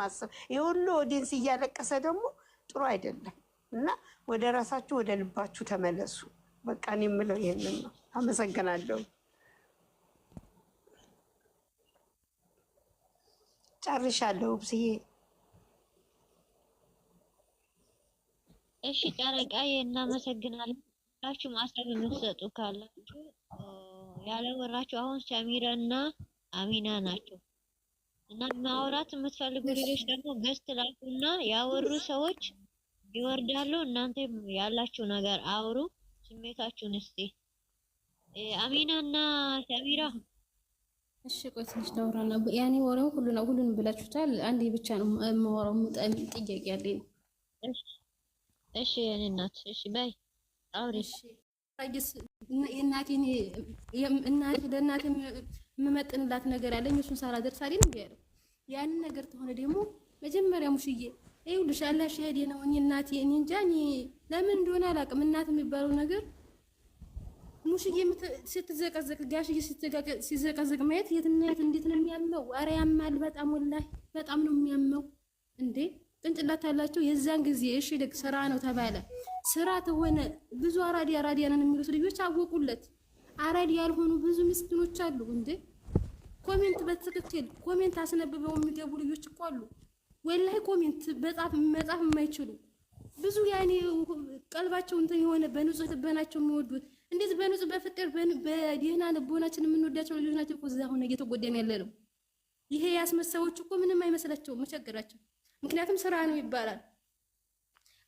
ማሰብ የሁሉ ኦዲንስ እያለቀሰ ደግሞ ጥሩ አይደለም እና ወደ ራሳችሁ ወደ ልባችሁ ተመለሱ። በቃ እኔ የምለው ይሄንን ነው። አመሰግናለሁ። ጨርሻለሁ ብዬ እሺ፣ ጨረቃ እናመሰግናለን። ማሰብ የምትሰጡ ካላችሁ ያለወራችሁ አሁን ሰሚረ እና አሚና ናቸው። እና ማውራት የምትፈልጉ ልጆች ደግሞ ገስት ላኩ እና ያወሩ ሰዎች ይወርዳሉ። እናንተ ያላችሁ ነገር አውሩ፣ ስሜታችሁን እስቲ። አሚና እና ሰሚራ እሺ፣ ቆይ ትንሽ ላውራና ያኔ ወሬው ሁሉን ሁሉን ብላችሁታል። አንዴ ብቻ ነው የማወራው፣ ጥያቄ አለኝ። እሺ፣ እሺ፣ እናት እሺ፣ በይ አውሪ። እሺ፣ እናቴ ለእናቴ የምመጥንላት ነገር ያለኝ እሱን ሳላደርስ አይደል እንዴ ያለው። ያንን ነገር ተሆነ ደግሞ መጀመሪያ ሙሽዬ ይኸውልሽ አላህ ሸሄዴ ነው። እኔ እናቴ እኔ እንጃ እኔ ለምን እንደሆነ አላውቅም። እናት የሚባለው ነገር ሙሽዬ ስትዘቀዘቅ፣ ጋሽዬ ሲዘቀዘቅ ማየት የትና የት እንዴት ነው የሚያመው? ኧረ ያማል በጣም ወላሂ፣ በጣም ነው የሚያመው እንዴ ቅንጭላት ያላቸው የዛን ጊዜ እሺ ልክ ስራ ነው ተባለ። ስራ ተሆነ ብዙ አራዲያ አራዲያ ነን የሚሉት ልጆች አወቁለት። አራድ ያልሆኑ ብዙ ምስኪኖች አሉ እንዴ! ኮሜንት በትክክል ኮሜንት አስነብበው የሚገቡ ልጆች እኮ አሉ። ወላይ ኮሜንት በጻፍ መጻፍ የማይችሉ ብዙ ያኔ ቀልባቸው እንትን የሆነ በንጹህ ልቦናቸው የሚወዱት እንዴት በንጹህ በፍቅር በደህና ልቦናችን የምንወዳቸው ልጆች ናቸው እኮ እዛ አሁን እየተጎዳን ያለ ነው። ይሄ ያስመሰዎች እኮ ምንም አይመስላቸውም መቸገራቸው። ምክንያቱም ስራ ነው ይባላል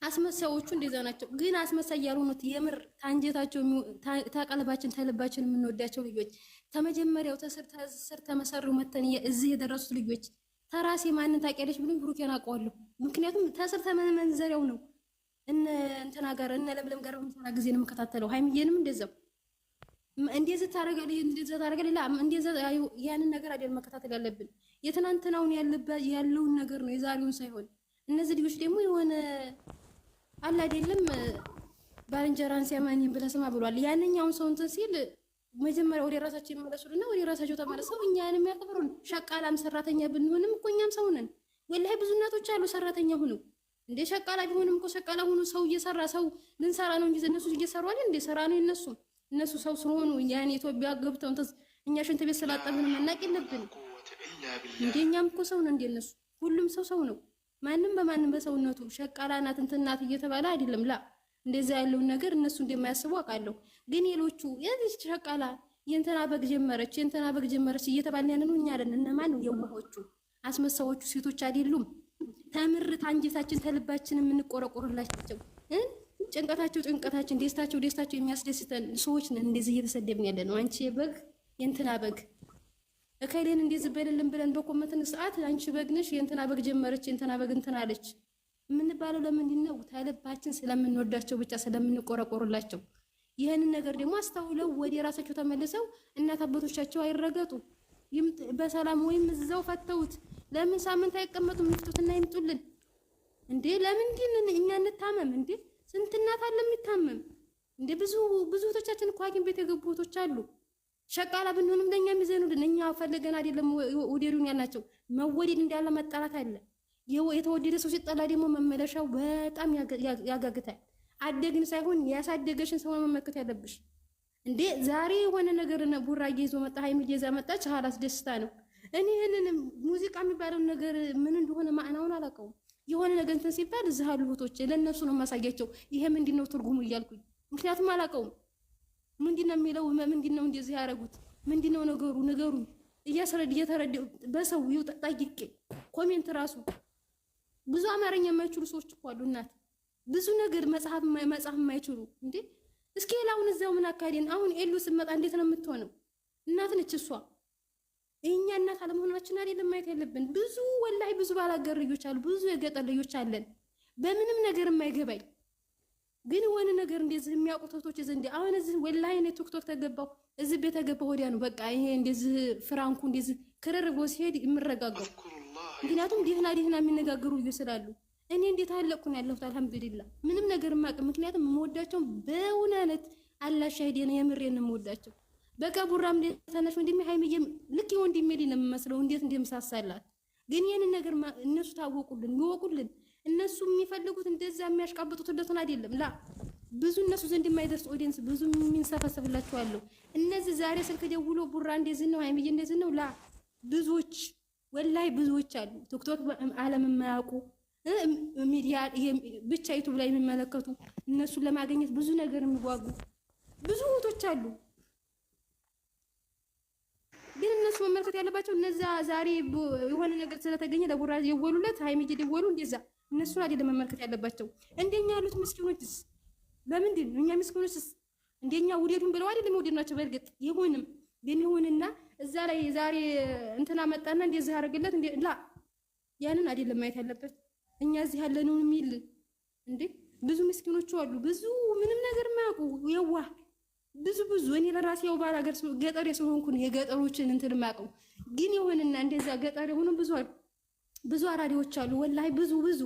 አስመሳዮቹ እንደዛ ናቸው። ግን አስመሳይ ያልሆኑት የምር ታንጀታቸው ተቀልባችን ተልባችን የምንወዳቸው ልጆች ተመጀመሪያው ተስር ተስር ተመሰሩ መተን እዚህ የደረሱት ልጆች ተራሴ ማንን ታውቂያለሽ ብሎ ብሩኬን አውቀዋለሁ። ምክንያቱም ተስር ተመንዘሪያው ነው። እነ እንትና ጋር እነ ለምለም ጋር በምሰራ ጊዜ ነው የምከታተለው። ሀይሚዬንም እንደዛው እንደዚህ ታደርጋለህ እንደዚህ ታደርጋለህ ላ እንደዚህ ያንን ነገር አይደል መከታተል ያለብን። የትናንትናውን ያለውን ነገር ነው የዛሬውን ሳይሆን። እነዚህ ልጆች ደግሞ የሆነ አለ አይደለም ባልንጀራን ሲያማኝ ብለህ ስማ ብሏል። ያንኛውን ሰው እንትን ሲል መጀመሪያ ወደ ራሳቸው ይመለሱልና ወደ ራሳቸው ተመለሰው እኛንም ያከብሩን። ሸቃላም ሰራተኛ ብንሆንም እኮ እኛም ሰው ነን። ወላሂ ብዙ እናቶች አሉ ሰራተኛ ሆነው እንደ ሸቃላ ቢሆንም እኮ ሸቃላ ሆኖ ሰው እየሰራ ሰው ልንሰራ ነው እንጂ እነሱ እየሰሩ አለ እንደ ስራ ነው የነሱ እነሱ ሰው ስለሆኑ ያን ኢትዮጵያ ገብተው እኛ ሽንት ቤት ስላጠብን መናቅ የለብንም። እንደኛም እኮ ሰው ነው እንደነሱ ሁሉም ሰው ሰው ነው። ማንም በማንም በሰውነቱ ሸቃላ ናት እንትን ናት እየተባለ አይደለም ላ እንደዛ ያለውን ነገር እነሱ እንደማያስቡ አውቃለሁ። ግን ሌሎቹ የዚህ ሸቃላ የእንትና በግ ጀመረች የእንትና በግ ጀመረች እየተባለ ያንን እኛ አለን። እነማን ነው የዋሆቹ አስመሳዎቹ ሴቶች አይደሉም? ተምርት አንጀታችን ተልባችን የምንቆረቆርላቸው ጭንቀታቸው ጭንቀታችን፣ ደስታቸው ደስታቸው የሚያስደስተን ሰዎች ነን። እንደዚህ እየተሰደብን ያለ ነው። አንቺ የበግ የእንትና በግ እከሌን እንደዚህ በልልን ብለን በቆመትን ሰዓት አንቺ በግነሽ የእንትና በግ ጀመረች የእንትና በግ እንትና አለች የምንባለው ለምንድን ነው? ታለባችን ስለምንወዳቸው ብቻ ስለምንቆረቆሩላቸው። ይህንን ነገር ደግሞ አስተውለው ወደ ራሳቸው ተመልሰው እናት አባቶቻቸው አይረገጡ በሰላም ወይም እዛው ፈተውት ለምን ሳምንት አይቀመጡም? ይፍቱትና ይምጡልን እንዴ! ለምንድን እኛ እንታመም እንዴ? ስንት እናት አለ የሚታመም እንዴ? ብዙ ብዙ እህቶቻችን እኮ ሐኪም ቤት የገቡ እህቶች አሉ። ሸቃላ ብንሆንም ለእኛ የሚዘኑልን እኛ ፈልገን አይደለም። ወደዱን ያልናቸው መወደድ እንዳለ መጠላት አለ። የተወደደ ሰው ሲጠላ ደግሞ መመለሻው በጣም ያጋግታል። አደግን ሳይሆን ያሳደገሽን ሰው መመልከት ያለብሽ። እንዴ ዛሬ የሆነ ነገር ቡራጌ ይዞ መጣ፣ ሀይሚዬ ይዛ መጣች። ሀላስ ደስታ ነው። እኔ ይህንን ሙዚቃ የሚባለውን ነገር ምን እንደሆነ ማዕናውን አላውቀውም። የሆነ ነገር እንትን ሲባል እዚህ ያሉ እህቶች ለእነሱ ነው የማሳያቸው። ይሄ ምንድን ነው ትርጉሙ እያልኩኝ ምክንያቱም አላውቀውም። ምንድን ነው የሚለው? ምንድን ነው እንደዚህ ያደረጉት? ምንድን ነው ነገሩ? ነገሩን እያስረድ እየተረዳሁ በሰው ጠይቄ ኮሜንት ራሱ ብዙ አማርኛ የማይችሉ ሰዎች እኮ አሉ። እናት ብዙ ነገር መጽሐፍ መጽሐፍ የማይችሉ እንዴ! እስኪ ላሁን እዚያው ምን አካሄደን አሁን ኤሉ ስመጣ እንዴት ነው የምትሆነው? እናት ነች እሷ። እኛ እናት አለመሆናችን አይደለም ማየት ያለብን። ብዙ ወላሂ ብዙ ባላገር ልጆች አሉ። ብዙ የገጠር ልጆች አለን። በምንም ነገር የማይገባኝ ግን ወን ነገር እንደዚህ የሚያውቁት እህቶች እዚህ እንደ አሁን እዚህ ወላሂ እኔ ቲክቶክ ተገባሁ እዚህ ቤት ተገባሁ ወዲያ ነው በቃ ይሄ እንደዚህ ፍራንኩ እንደዚህ ክርር ብሎ ሲሄድ የምረጋጋው። ምክንያቱም ደህና ደህና የሚነጋገሩ እዩ ስላሉ እኔ እንዴት አለቅኩ ነው ያለሁት። አልሐምዱሊላ ምንም ነገር ማቅ ምክንያቱም የምወዳቸውን በእውነት አላህ ሻሂድ ነው የምሬን የምወዳቸው። በቃ ቡራም ታናሽ ወንድሜ ሀይሚዬም ልክ የወንድሜ ልጅ ነው የምመስለው እንዴት እንደምሳሳላት። ግን ይህንን ነገር እነሱ ታወቁልን ይወቁልን እነሱ የሚፈልጉት እንደዛ የሚያሽቃብጡትለትን አይደለም ላ ብዙ እነሱ ዘንድ የማይደርስ ኦዲየንስ ብዙ የሚንሰፈሰብላቸው አለው። እነዚህ ዛሬ ስልክ ደውሎ ቡራ እንደዚህ ነው፣ ሀይሚዬ እንደዚህ ነው ላ ብዙዎች ወላይ ብዙዎች አሉ። ቲክቶክ ዓለም የማያውቁ ሚዲያ ብቻ ዩቱብ ላይ የሚመለከቱ እነሱን ለማግኘት ብዙ ነገር የሚጓጉ ብዙ እህቶች አሉ። ግን እነሱ መመልከት ያለባቸው እነዛ ዛሬ የሆነ ነገር ስለተገኘ ለቡራ የወሉለት ሀይሚጅ ደወሉ እንደዛ እነሱን አይደለም መመልከት ያለባቸው። እንደኛ ያሉት ምስኪኖችስ ለምንድን ነው እኛ ምስኪኖችስ እንደኛ ውደዱን ብለው አይደለም ናቸው። በእርግጥ ይሁንም ቢሆንና እዛ ላይ ዛሬ እንትና መጣና እንደዚህ አደረግለት ላ ያንን አይደለም ማየት ያለበት። እኛ እዚህ ያለነው የሚል እንዴ ብዙ ምስኪኖቹ አሉ። ብዙ ምንም ነገር ማያውቁ የዋ ብዙ ብዙ እኔ ለራሴ ያው ባል ሀገር ገጠር የገጠሮችን እንትን ማያውቀው ግን የሆንና እንደዛ ገጠር የሆኑ ብዙ አሉ። ብዙ አራዲዎች አሉ። ወላሂ ብዙ ብዙ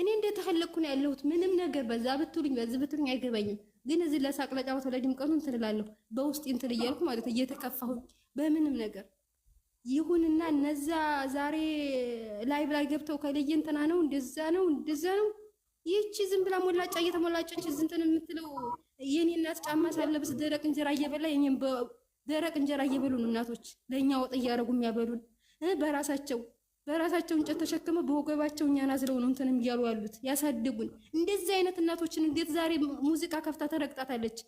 እኔ እንደተፈለግኩ ነው ያለሁት። ምንም ነገር በዛ ብትሉኝ በዚህ ብትሉኝ አይገባኝም። ግን እዚህ ለሳቅ ለጫወት ለድምቀቱ እንትን እላለሁ በውስጥ እንትን እያልኩ ማለት እየተከፋሁኝ በምንም ነገር ይሁንና እነዛ ዛሬ ላይ ላይ ገብተው ከለየ እንትና ነው እንደዛ ነው እንደዛ ነው። ይህቺ ዝም ብላ ሞላጫ እየተሞላጨች እንትን የምትለው የኔ እናት ጫማ ሳለብስ ደረቅ እንጀራ እየበላ ደረቅ እንጀራ እየበሉን እናቶች ለእኛ ወጥ እያደረጉ የሚያበሉን በራሳቸው በራሳቸው እንጨት ተሸክመው በወገባቸው እኛን አዝለው ነው እንትንም እያሉ ያሉት ያሳድጉን። እንደዚህ አይነት እናቶችን እንዴት ዛሬ ሙዚቃ ከፍታ ተረግጣታለች?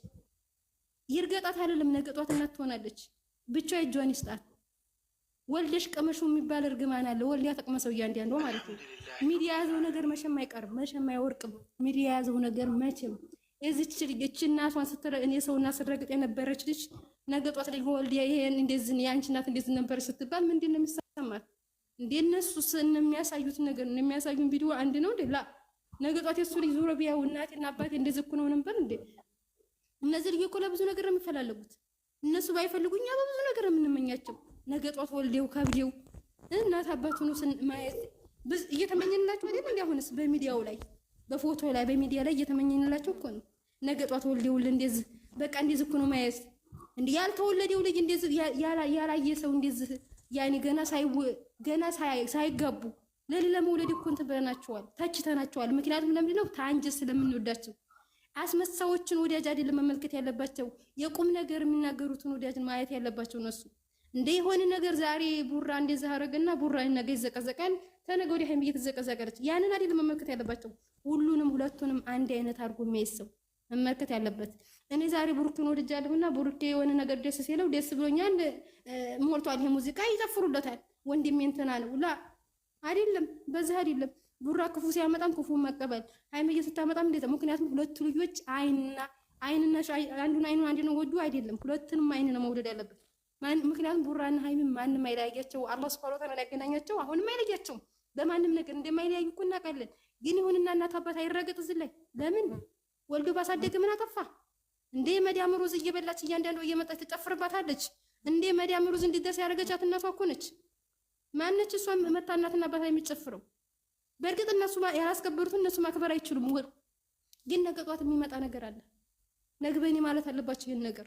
ይርገጣት አይደለም ነገጧት ጧት እናት ትሆናለች። ብቻ እጇን ይስጣት። ወልደሽ ቀመሹ የሚባል እርግማን አለ። ወልድ ያጠቅመሰው እያንዳንዱ ማለት ነው። ሚዲያ የያዘው ነገር መቼም አይቀርም፣ መቼም አይወርቅም። ሚዲያ የያዘው ነገር መቼም እዚች ልጅ እናቷን ስትረ እኔ ሰውና ስረግጥ የነበረች ልጅ ነገጧት ጧት ላይ ይሄን እንደዚህ ያንቺ እናት እንደዚህ ነበረች ስትባል ምንድን ነው የሚሰማት? እንደነሱ እነሱ የሚያሳዩት ነገር ነው የሚያሳዩን ቪዲዮ አንድ ነው እንዴ? ላ ነገ ጧት የሱ ልጅ ዞሮ ቢያው እናቴና አባቴ እንደዚህ እኮ ነው ነበር እንዴ? እነዚህ ልጅ እኮ ለብዙ ነገር ነው የሚፈላለጉት። እነሱ ባይፈልጉኛ እኛ በብዙ ነገር የምንመኛቸው ነገ ጧት ወልዴው ከብደው እናት አባት ሆኖ ማየት እየተመኘንላቸው አይደል እንዴ? አሁንስ በሚዲያው ላይ በፎቶ ላይ በሚዲያ ላይ እየተመኘንላቸው እኮ ነው። ነገ ጧት ወልደው እንደዚህ በቃ እንደዚህ እኮ ነው ማየት እንዴ? ያልተወለደው ልጅ እንደዚህ ያላየ ሰው እንደዚህ ያኔ ገና ሳይወ ገና ሳይገቡ ለሌላ መውለድ እኮ እንትን ብለናቸዋል፣ ተችተናቸዋል። ምክንያቱም ለምንድን ነው ታንጀስ ስለምንወዳቸው አስመሳዮችን ወዳጅ አይደለም መመልከት ያለባቸው፣ የቁም ነገር የሚናገሩትን ወዳጅን ማየት ያለባቸው እነሱ። እንደ የሆነ ነገር ዛሬ ቡራ እንደዛ አደረገና ቡራ ነገ ይዘቀዘቃል፣ ተነገ ወዲያ ሀይሚዬ ትዘቀዘቃለች። ያንን አይደለም መመልከት ያለባቸው። ሁሉንም ሁለቱንም አንድ አይነት አድርጎ የሚያይ ሰው መመልከት ያለበት። እኔ ዛሬ ብሩኬን ወድጃለሁና ብሩኬ የሆነ ነገር ደስ ሲለው ደስ ብሎኛል ሞልቷል፣ ይሄ ሙዚቃ ይጨፍሩለታል ወንድሜ እንትና ነው ላ አይደለም፣ በዚህ አይደለም። ቡራ ክፉ ሲያመጣም ክፉ መቀበል ሃይሚዬ ስታመጣም እንደዛ። ምክንያቱም ሁለቱ ልጆች አይንና አይንና አንዱን አይኑን አንድ ነው ወዱ አይደለም፣ ሁለቱንም አይን ነው መውደድ ያለበት። ምክንያቱም ቡራና ሃይሚ ማንም አይለያያቸው፣ አላህ ሱብሃነሁ ወተዓላ ያገናኛቸው፣ አሁንም አይለያቸውም። በማንም ነገር እንደማይለያዩ እኮ እናውቃለን። ግን ይሁንና እናት አባት አይረገጥ እዚህ ላይ ለምን ወልዶ ባሳደግ ምን አጠፋ እንዴ? መዳም ሩዝ እየበላች እያንዳንዱ እየመጣች ትጨፍርባታለች እንዴ? መዳም ሩዝ እንዲደርስ ያደረገቻት እናቷ እኮ ነች። ማነች እሷ መታ እናትና አባታ የሚጨፍረው? በእርግጥ እነሱ ያላስከበሩትን እነሱ ማክበር አይችሉም። ወር ግን ነገ የሚመጣ ነገር አለ። ነግበኔ ማለት አለባቸው ይህን ነገር።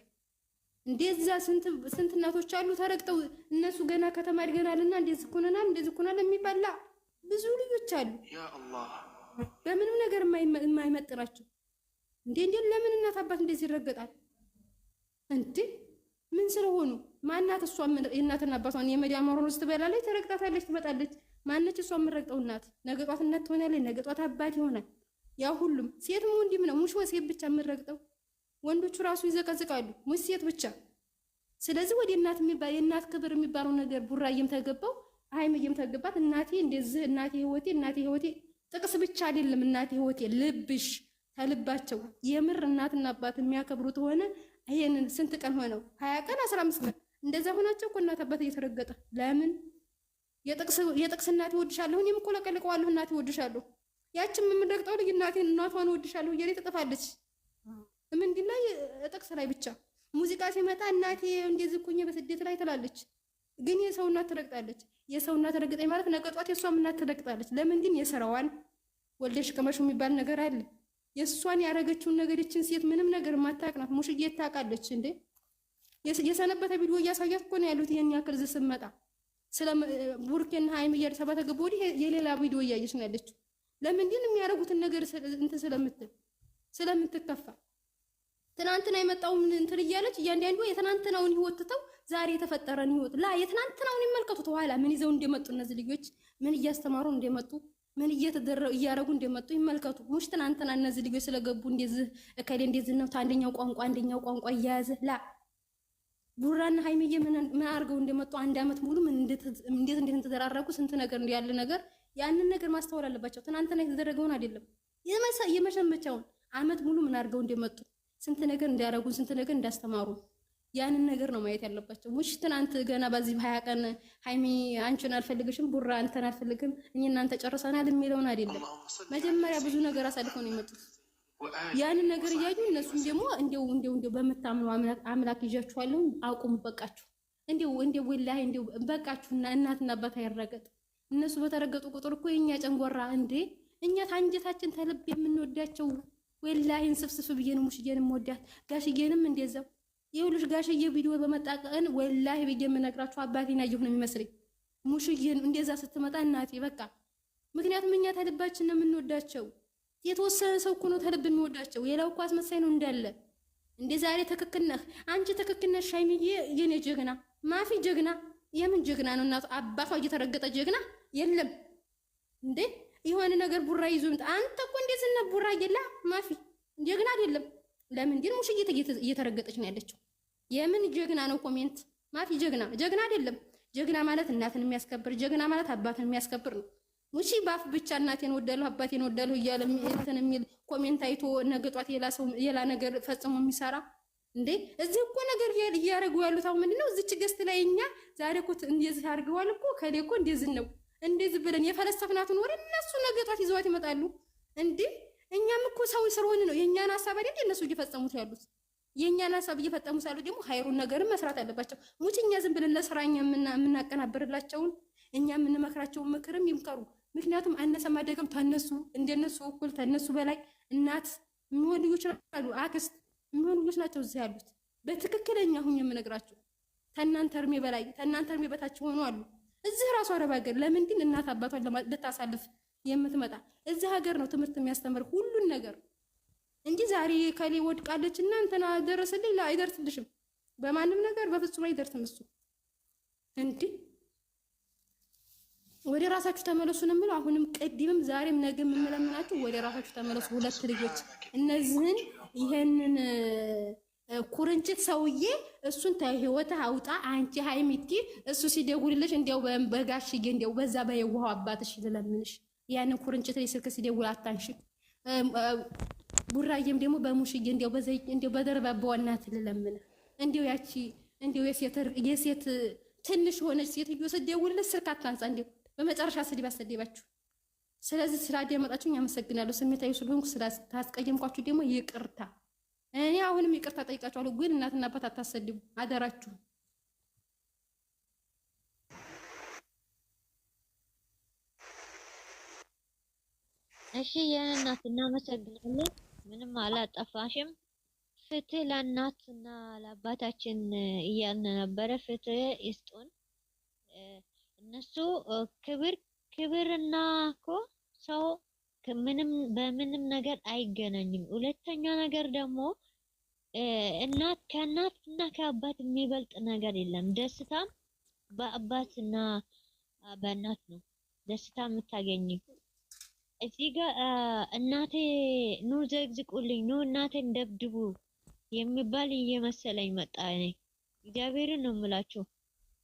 እንደዛ ስንት እናቶች አሉ ተረግጠው እነሱ ገና ከተማ አድገናልና እንደዚህ ኮነናል እንደዚህ ኮናል የሚባላ ብዙ ልጆች አሉ። በምንም ነገር የማይመጥናቸው እንዴ! እንዴ! ለምን እናት አባት እንደዚህ ይረገጣል እንዴ? ምን ስለሆኑ ማናት? እሷ የእናትና አባቷን የመዳም ሮስ ትበላለች፣ ትረግጣታለች፣ ትመጣለች። ማነች እሷ የምረግጠው እናት? ነገ ጧት እናት ትሆናለች፣ ነገ ጧት አባት ይሆናል። ያ ሁሉም ሴትም እንዲም ነው። ሙሽ ወሴት ብቻ የምረግጠው ወንዶቹ ራሱ ይዘቀዝቃሉ፣ ሙሽ ሴት ብቻ። ስለዚህ ወደ እናት የሚባል የእናት ክብር የሚባለው ነገር ቡራዬም ተገባው፣ ሀይምዬም ተገባት። እናቴ እንደዚህ እናቴ ህይወቴ እናቴ ህይወቴ ጥቅስ ብቻ አይደለም እናቴ ህይወቴ ልብሽ ከልባቸው የምር እናትና አባት የሚያከብሩት ሆነ ይሄንን ስንት ቀን ሆነው ሀያ ቀን አስራ አምስት ቀን እንደዛ ሆናቸው እኮ እናት አባት እየተረገጠ ለምን የጥቅስ እናቴ ወድሻለሁ እኔም እኮ ለቀልቀዋለሁ እናቴ ወድሻለሁ ያችን የምንረግጠው ልጅ እናቴን እናቷን ወድሻለሁ እየሌ ትጠፋለች ምንድን ላይ ጥቅስ ላይ ብቻ ሙዚቃ ሲመጣ እናቴ እንደዚህ እኮ በስደት ላይ ትላለች ግን የሰው እናት ትረግጣለች የሰው እናት ረግጠኝ ማለት ነገጧት የእሷም እናት ትረግጣለች ለምን ግን የስራዋን ወልደሽ ቅመሹ የሚባል ነገር አለ የእሷን ያደረገችውን ነገር ይችን ሴት ምንም ነገር ናት ሙሽዬ ታውቃለች እንዴ? የሰነበተ ቪዲዮ እያሳያት እኮ ነው ያሉት። ይህን ያክል ዝ ስመጣ ስለ ቡርኬና ሀይሚ እያደረሰባት ገብ ወዲህ የሌላ ቪዲዮ እያየች ነው ያለችው። ለምንድን የሚያደርጉትን ነገር እንትን ስለምትል ስለምትከፋ ትናንትና የመጣው እንትን እያለች እያንዳንዱ የትናንትናውን ህይወት ትተው ዛሬ የተፈጠረን ህይወት ላ የትናንትናውን ይመልከቱ። ተኋላ ምን ይዘው እንደመጡ እነዚህ ልጆች ምን እያስተማሩ እንደመጡ ምን እያደረጉ እንደመጡ ይመልከቱ። ሙሽ ትናንትና እነዚህ ልጆች ስለገቡ እንደዚህ እከሌ እንደዚህ ነው አንደኛው ቋንቋ አንደኛው ቋንቋ እያያዘ ላ ቡራና ሀይሚዬ ምን አድርገው እንደመጡ አንድ አመት ሙሉ እንዴት እንዴት እንደተደራረጉ ስንት ነገር ያለ ነገር ያንን ነገር ማስተዋል አለባቸው። ትናንትና የተደረገውን አይደለም የመሸመቻውን አመት ሙሉ ምን አድርገው እንደመጡ ስንት ነገር እንዲያደረጉን ስንት ነገር እንዳስተማሩ ያንን ነገር ነው ማየት ያለባቸው። ሙሽ ትናንት ገና በዚህ በሀያ ቀን ሀይሚ አንቺን አልፈልግሽም፣ ቡራ አንተን አልፈልግም፣ እኔ እናንተ ጨርሰናል የሚለውን አይደለም። መጀመሪያ ብዙ ነገር አሳልፈው ነው የመጡት። ያንን ነገር እያዩ እነሱም ደግሞ እንደው እንደው እንደው በምታምኑ አምላክ ይዣችኋለሁ፣ አቁሙ፣ በቃችሁ፣ እንደው እንደው ወላሂ እንደው በቃችሁና እናትና አባት አይረገጥ። እነሱ በተረገጡ ቁጥር እኮ የኛ ጨንጎራ እንዴ እኛ ታንጀታችን ተልብ የምንወዳቸው ወላሂን ስፍስፍ ብዬን ሙሽዬንም ወዳት ጋሽዬንም እንደዛው ይኸውልሽ ጋሽዬ ቪዲዮ በመጣ ቀን ወላሂ ብዬሽ የምነግራችሁ አባቴን አየሁ ነው የሚመስለኝ። ሙሽዬን እንደዛ ስትመጣ እናቴ በቃ ምክንያቱም እኛ ተልባችን ነው የምንወዳቸው። የተወሰነ ሰው እኮ ነው ተልብ የሚወዳቸው። ሌላው እኮ አስመሳይ ነው እንዳለ እንደ ዛሬ ትክክል ነህ አንቺ ትክክል ነሽ ሻይሚዬ፣ የኔ ጀግና ማፊ ጀግና። የምን ጀግና ነው እናቱ አባቷ እየተረገጠ ጀግና የለም እንዴ! የሆነ ነገር ቡራ ይዞ ምጣ። አንተ እኮ እንደዚህ ቡራ የላ ማፊ ጀግና አይደለም። ለምን ግን ሙሽዬ እየተረገጠች ነው ያለችው? የምን ጀግና ነው ኮሜንት? ማፊ ጀግና ጀግና አይደለም። ጀግና ማለት እናትን የሚያስከብር ጀግና ማለት አባትን የሚያስከብር ነው። ሙሺ ባፍ ብቻ እናቴን ወደለሁ አባቴን ወዳለሁ እያለ እንትን የሚል ኮሜንት አይቶ ነገጧት ጧት ሌላ ሰው ሌላ ነገር ፈጽሞ የሚሰራ እንዴ! እዚህ እኮ ነገር እያደረጉ ያሉት አሁን ምንድነው? እዚች ገስት ላይ እኛ ዛሬ እኮ እንደዚህ አድርገዋል እኮ ከሌ እኮ እንደዚህ ነው እንደዚህ ብለን የፈለሰፍናትን ወደ እነሱ ነገጧት ይዘዋት ይመጣሉ እንዴ! እኛም እኮ ሰው ስለሆን ነው የእኛን ሀሳብ አይደል እነሱ እየፈጸሙት ያሉት። የእኛን ሀሳብ እየፈጠሙ ሳሉ ደግሞ ሀይሩን ነገርም መስራት አለባቸው። ሙች እኛ ዝም ብለን ለስራ እኛ የምናቀናብርላቸውን እኛ የምንመክራቸውን ምክርም ይምከሩ። ምክንያቱም አነሰም አደገም ተነሱ እንደነሱ እኩል ተነሱ በላይ እናት የሚሆን ልጆች አሉ፣ አክስት የሚሆን ልጆች ናቸው እዚህ ያሉት። በትክክለኛ ሁኝ የምነግራቸው ተናንተ እርሜ በላይ ተናንተ እርሜ በታች ሆኑ አሉ። እዚህ ራሱ አረብ ሀገር ለምንድን እናት አባቷን ልታሳልፍ የምትመጣ እዚህ ሀገር ነው ትምህርት የሚያስተምር ሁሉን ነገር እንጂ ዛሬ ከሌ ወድቃለች እና እንትና ደረሰልኝ አይደርስልሽም። በማንም ነገር በፍጹም አይደርስም። እሱ እንዲህ ወደ ራሳችሁ ተመለሱ ነው የምለው። አሁንም ቅድምም ዛሬም ነገ የምለምናችሁ ወደ ራሳችሁ ተመለሱ። ሁለት ልጆች እነዚህን ይሄንን ኩርንችት ሰውዬ እሱን ተህይወት አውጣ። አንቺ ሃይሚቲ እሱ ሲደውልልሽ እንዲያው በጋሽዬ እንዲያው በዛ በየዋሃው አባትሽ ልለምንሽ ያንን ኩርንችት ላይ ስልክ ሲደውል አታንሽ። ቡራዬም ደግሞ በሙሽዬ እንዲያው በዘይ እንዲያው በደርባባው በዋናት ልለምነ እንዲያው ያቺ እንዲያው የሴት የሴት ትንሽ ሆነች ሴትዮ ስደውልልህ ስልክ አታንሳ። እንዲያው በመጨረሻ ስድብ አሰደባችሁ። ስለዚህ ስላዳመጣችሁኝ አመሰግናለሁ። ስሜታዊ ስለሆንኩ ስላስቀየምኳችሁ ደግሞ ይቅርታ። እኔ አሁንም ይቅርታ ጠይቃችኋለሁ። ግን እናትና አባት አታሰድቡ አደራችሁ። እሺ የእናት እናመሰግናለን። ምንም አላጠፋሽም። ፍትህ ለእናትና ለአባታችን እያልን ነበረ። ፍትህ ይስጡን። እነሱ ክብር ክብርና እኮ ሰው ምንም በምንም ነገር አይገናኝም። ሁለተኛ ነገር ደግሞ እናት ከእናት እና ከአባት የሚበልጥ ነገር የለም። ደስታም በአባትና በእናት ነው ደስታ የምታገኝ እዚህ ጋር እናቴ ኑ ዘግዝቁልኝ፣ ኑ እናቴን ደብድቡ የሚባል እየመሰለኝ መጣ። እኔ እግዚአብሔርን ነው የምላችሁ።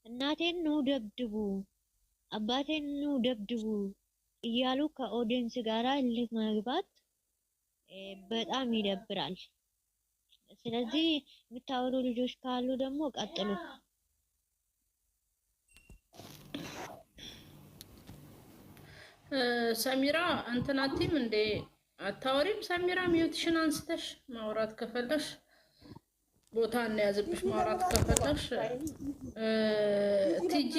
እናቴን ኑ ደብድቡ፣ አባቴን ኑ ደብድቡ እያሉ ከኦዲየንስ ጋራ እልህ መግባት በጣም ይደብራል። ስለዚህ የምታወሩ ልጆች ካሉ ደግሞ ቀጥሉ። ሰሚራ እንትን አትይም እንዴ? አታወሪም? ሰሚራ ሚውትሽን አንስተሽ ማውራት ከፈለሽ ቦታ እናያዝብሽ። ማውራት ከፈለሽ ቲጂ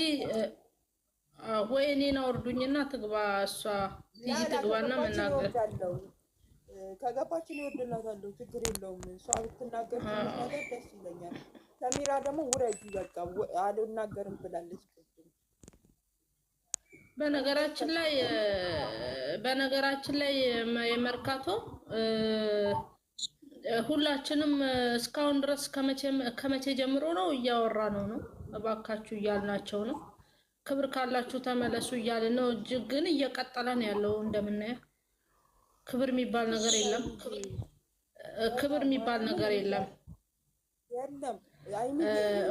ወይ እኔን አውርዱኝና ትግባ እሷ ቲጂ ትግባና መናገር ከገባችን ይወድላታለሁ። ችግር የለውም። እሷ ብትናገር ነገር ደስ ይለኛል። ሰሚራ ደግሞ ውረጅ በቃ አልናገርም ብላለች። በነገራችን ላይ በነገራችን ላይ የመርካቶ ሁላችንም እስካሁን ድረስ ከመቼ ጀምሮ ነው እያወራ ነው ነው እባካችሁ እያልናቸው ነው። ክብር ካላችሁ ተመለሱ እያልን ነው። እጅግ ግን እየቀጠለ ነው ያለው እንደምናየው። ክብር የሚባል ነገር የለም። ክብር የሚባል ነገር የለም።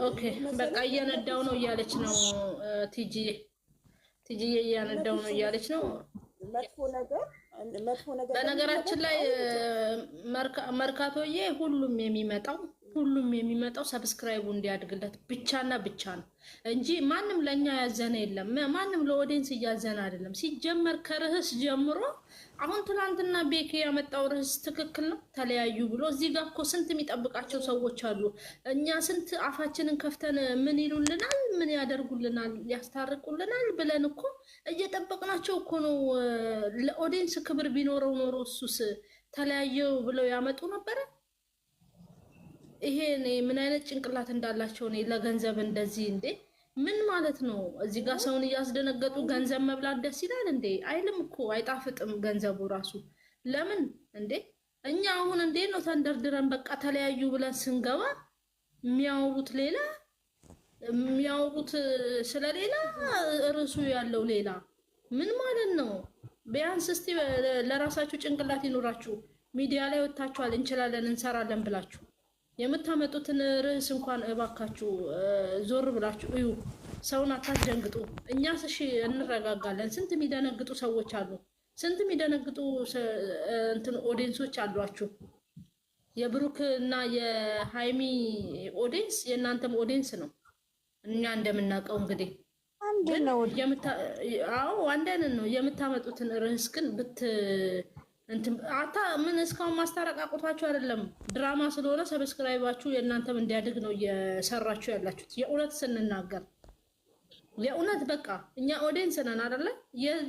ኦኬ በቃ እየነዳው ነው እያለች ነው ቲጂ ትጂዬ እያነዳው ነው እያለች ነው። በነገራችን ላይ መርካቶዬ ሁሉም የሚመጣው ሁሉም የሚመጣው ሰብስክራይቡ እንዲያድግለት ብቻና ብቻ ነው እንጂ ማንም ለእኛ ያዘነ የለም። ማንም ለኦዲንስ እያዘነ አይደለም። ሲጀመር ከርዕስ ጀምሮ አሁን ትናንትና ቤክ ያመጣው ርዕስ ትክክል ነው፣ ተለያዩ ብሎ እዚህ ጋር እኮ ስንት የሚጠብቃቸው ሰዎች አሉ። እኛ ስንት አፋችንን ከፍተን ምን ይሉልናል፣ ምን ያደርጉልናል፣ ያስታርቁልናል ብለን እኮ እየጠበቅናቸው እኮ ነው። ለኦዲንስ ክብር ቢኖረው ኖሮ እሱስ ተለያየው ብለው ያመጡ ነበረ። ይሄ እኔ ምን አይነት ጭንቅላት እንዳላቸው እኔ ለገንዘብ እንደዚህ እንዴ! ምን ማለት ነው? እዚህ ጋር ሰውን እያስደነገጡ ገንዘብ መብላት ደስ ይላል እንዴ? አይልም እኮ አይጣፍጥም። ገንዘቡ ራሱ ለምን እንዴ! እኛ አሁን እንዴ ነው ተንደርድረን በቃ ተለያዩ ብለን ስንገባ የሚያወሩት ሌላ፣ የሚያወሩት ስለሌላ፣ ርዕሱ ያለው ሌላ። ምን ማለት ነው? ቢያንስ እስቲ ለራሳችሁ ጭንቅላት ይኑራችሁ። ሚዲያ ላይ ወጥታችኋል፣ እንችላለን፣ እንሰራለን ብላችሁ የምታመጡትን ርዕስ እንኳን እባካችሁ ዞር ብላችሁ እዩ። ሰውን አታስደንግጡ። እኛ ስሺ እንረጋጋለን። ስንት የሚደነግጡ ሰዎች አሉ። ስንት የሚደነግጡ እንትን አሏችሁ። የብሩክ እና የሃይሚ ኦዲንስ የእናንተም ኦዲንስ ነው። እኛ እንደምናውቀው እንግዲህ አዎ አንድ አይነት ነው። የምታመጡትን ርዕስ ግን ብት አታ ምን እስካሁን ማስታረቅ አቅቷችሁ አይደለም። ድራማ ስለሆነ ሰብስክራይባችሁ የእናንተም እንዲያድግ ነው እየሰራችሁ ያላችሁት። የእውነት ስንናገር የእውነት በቃ እኛ ኦዴንስ ነን አይደለ?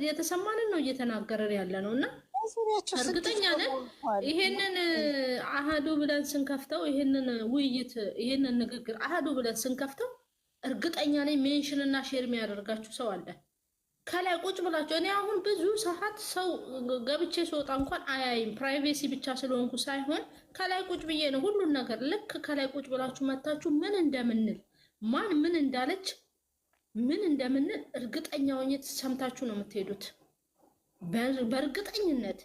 የተሰማንን ነው እየተናገረን ያለ ነው እና እርግጠኛ ነን ይሄንን አህዱ ብለን ስንከፍተው ይሄንን ውይይት ይሄንን ንግግር አህዱ ብለን ስንከፍተው እርግጠኛ ነኝ ሜንሽን እና ሼር የሚያደርጋችሁ ሰው አለ። ከላይ ቁጭ ብላቸው። እኔ አሁን ብዙ ሰዓት ሰው ገብቼ ስወጣ እንኳን አያይም፣ ፕራይቬሲ ብቻ ስለሆንኩ ሳይሆን ከላይ ቁጭ ብዬ ነው ሁሉን ነገር። ልክ ከላይ ቁጭ ብላችሁ መታችሁ ምን እንደምንል ማን ምን እንዳለች ምን እንደምንል እርግጠኛ ሆኜ ሰምታችሁ ነው የምትሄዱት በእርግጠኝነት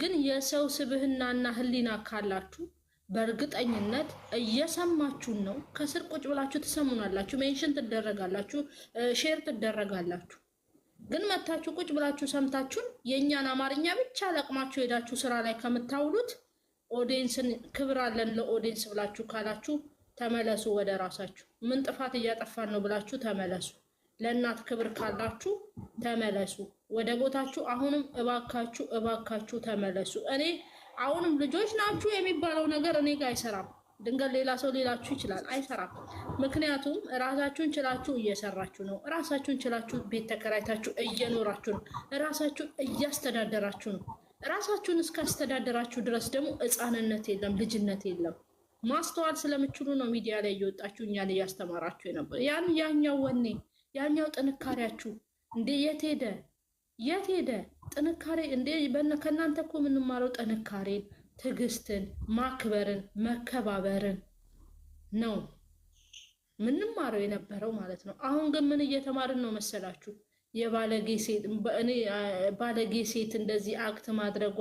ግን የሰው ስብህናና ህሊና ካላችሁ በእርግጠኝነት እየሰማችሁን ነው። ከስር ቁጭ ብላችሁ ትሰሙናላችሁ፣ ሜንሽን ትደረጋላችሁ፣ ሼር ትደረጋላችሁ። ግን መታችሁ ቁጭ ብላችሁ ሰምታችሁን የእኛን አማርኛ ብቻ ለቅማችሁ ሄዳችሁ ስራ ላይ ከምታውሉት ኦዲንስን ክብር አለን ለኦዲንስ ብላችሁ ካላችሁ ተመለሱ ወደ ራሳችሁ። ምን ጥፋት እያጠፋን ነው ብላችሁ ተመለሱ። ለእናት ክብር ካላችሁ ተመለሱ ወደ ቦታችሁ። አሁንም እባካችሁ እባካችሁ ተመለሱ። እኔ አሁንም ልጆች ናችሁ የሚባለው ነገር እኔ ጋር አይሰራም። ድንገት ሌላ ሰው ሌላችሁ ይችላል። አይሰራም። ምክንያቱም ራሳችሁን ችላችሁ እየሰራችሁ ነው። ራሳችሁን ችላችሁ ቤት ተከራይታችሁ እየኖራችሁ ነው። ራሳችሁን እያስተዳደራችሁ ነው። ራሳችሁን እስካስተዳደራችሁ ድረስ ደግሞ ህፃንነት የለም፣ ልጅነት የለም። ማስተዋል ስለምችሉ ነው ሚዲያ ላይ እየወጣችሁ እኛን እያስተማራችሁ የነበረ ያን ያኛው ወኔ ያኛው ጥንካሬያችሁ እንዴ የት ሄደ? የት ሄደ ጥንካሬ? እንዴ ከእናንተ እኮ የምንማረው ጥንካሬን ትዕግስትን፣ ማክበርን፣ መከባበርን ነው ምንማረው የነበረው ማለት ነው። አሁን ግን ምን እየተማርን ነው መሰላችሁ? ባለጌ ሴት እንደዚህ አክት ማድረጓ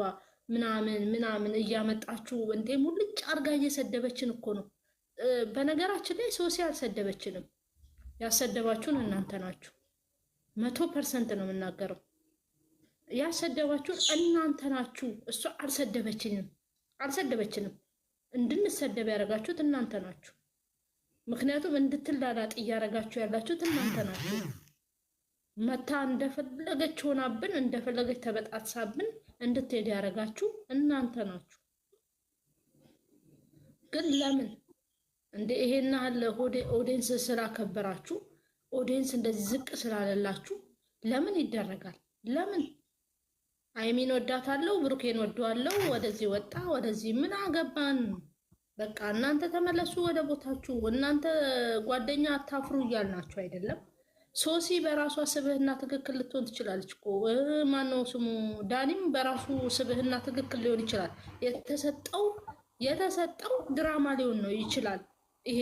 ምናምን ምናምን እያመጣችሁ እንዴ ሙልጭ አርጋ እየሰደበችን እኮ ነው። በነገራችን ላይ ሶሲ አልሰደበችንም። ያሰደባችሁን እናንተ ናችሁ። መቶ ፐርሰንት ነው የምናገረው። ያሰደባችሁን እናንተ ናችሁ። እሷ አልሰደበችንም። አልሰደበችንም። እንድንሰደብ ያደረጋችሁት እናንተ ናችሁ። ምክንያቱም እንድትላላጥ እያደረጋችሁ ያላችሁት እናንተ ናችሁ። መታ እንደፈለገች ሆናብን፣ እንደፈለገች ተበጣሳብን እንድትሄድ ያደረጋችሁ እናንተ ናችሁ። ግን ለምን እንደ ይሄን ያህል ኦዲየንስ ስላከበራችሁ፣ ኦዲንስ እንደዚህ ዝቅ ስላለላችሁ ለምን ይደረጋል? ለምን አይሚን ወዳታለሁ፣ ብሩኬን ወደዋለሁ። ወደዚህ ወጣ፣ ወደዚህ ምን አገባን? በቃ እናንተ ተመለሱ ወደ ቦታችሁ። እናንተ ጓደኛ አታፍሩ እያልናችሁ አይደለም። ሶሲ በራሷ ስብህና ትክክል ልትሆን ትችላለች እኮ። ማነው ስሙ ዳኒም በራሱ ስብህና ትክክል ሊሆን ይችላል። የተሰጠው የተሰጠው ድራማ ሊሆን ነው ይችላል ይሄ